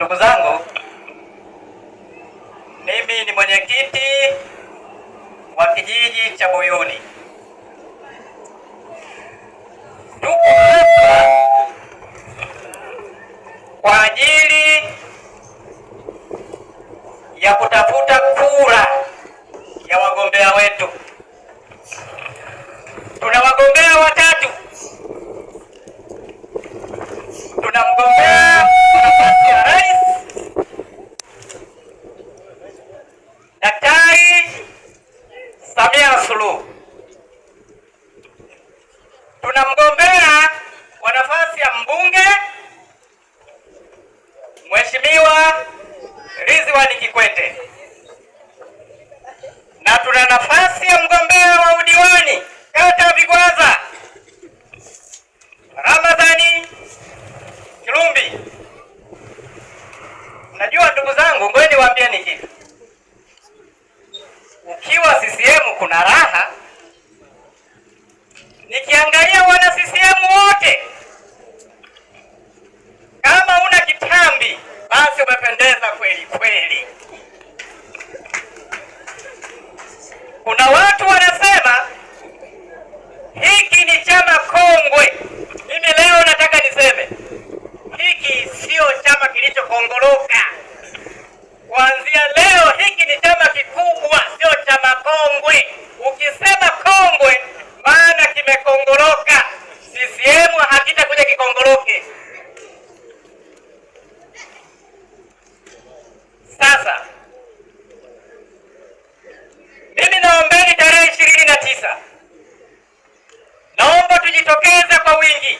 Ndugu zangu, mimi ni mwenyekiti wa kijiji cha Buyuni. Mheshimiwa Ridhiwani Kikwete, na tuna nafasi ya mgombea wa udiwani kata Vigwaza Ramadhani Kirumbi. Najua ndugu zangu, ngoja ni kitu, ukiwa CCM kuna raha Ukisema kongwe, maana kimekongoroka. CCM hakitakuja kikongoroke. Sasa mimi naombeni tarehe ishirini na tisa, naomba tujitokeze kwa wingi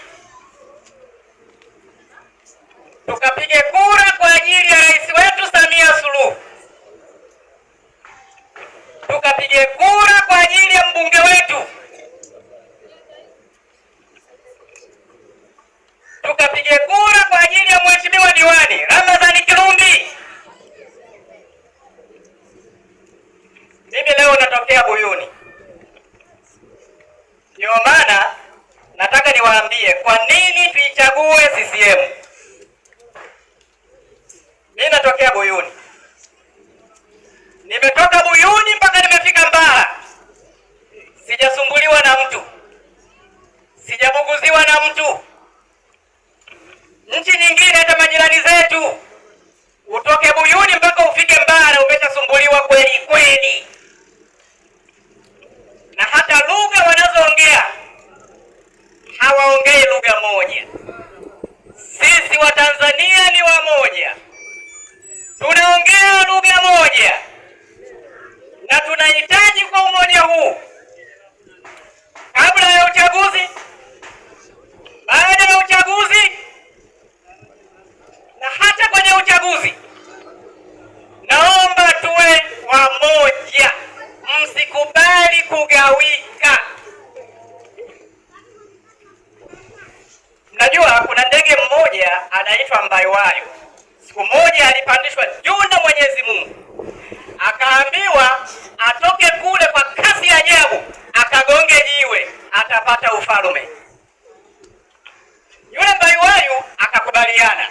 tukapige kura kwa ajili ya rais wetu Samia Suluhu, tukapige kura wabunge wetu tukapige kura kwa ajili ya mheshimiwa diwani Ramadhani Kirumbi. Mimi leo natokea Buyuni, ndio maana nataka niwaambie kwa nini tuichague CCM. Mimi natokea Buyuni. kuliwa na mtu. Nchi nyingine hata majirani zetu, utoke Buyuni mpaka ufike Mbara umeshasumbuliwa kweli kweli, na hata lugha wanazoongea hawaongei lugha moja. Sisi Watanzania ni wamoja, tunaongea lugha moja na tunahitaji kwa umoja huu kabla ya uchaguzi vita. Mnajua kuna ndege mmoja anaitwa mbayuwayo. Siku moja alipandishwa juu na Mwenyezi Mungu, akaambiwa atoke kule kwa kasi ya ajabu, akagonge jiwe, atapata ufalme. Yule mbayuwayo akakubaliana.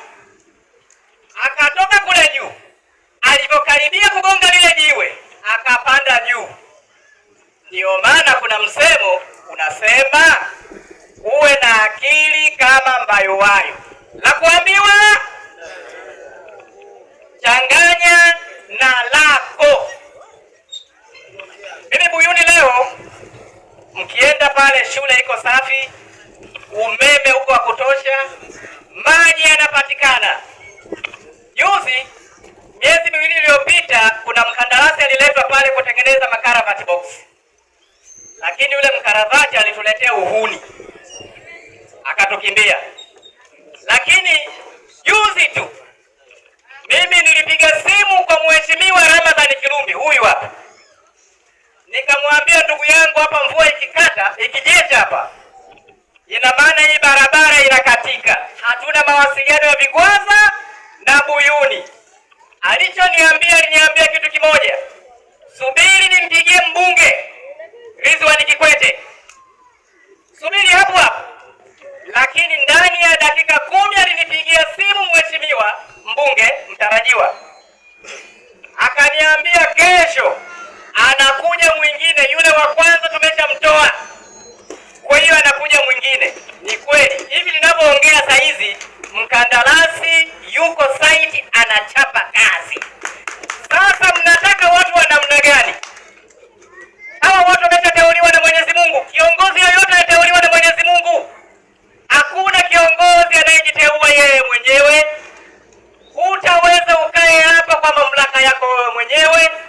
anasema uwe na akili kama mbayuwayo, la kuambiwa changanya na lako. Mimi Buyuni leo mkienda pale, shule iko safi, umeme huko wa kutosha, maji yanapatikana. Juzi miezi miwili iliyopita, kuna mkandarasi aliletwa pale kutengeneza makaravati box, lakini yule Mkarabati alituletea uhuni akatukimbia, lakini juzi tu mimi nilipiga simu kwa mheshimiwa Ramadhani Kirumbi, huyu hapa, nikamwambia ndugu yangu, hapa mvua ikikata ikijeja hapa, ina maana hii barabara inakatika, hatuna mawasiliano ya Vigwaza na Buyuni. Alichoniambia, aliniambia kitu kimoja Kikwete, subiri hapo hapo. Lakini ndani ya dakika kumi alinipigia simu mheshimiwa mbunge mtarajiwa, akaniambia kesho anakuja mwingine. Yule wa kwanza tumeshamtoa, kwa hiyo anakuja mwingine. Ni kweli hivi linavyoongea saizi, mkandarasi yuko site anachapa ఏవై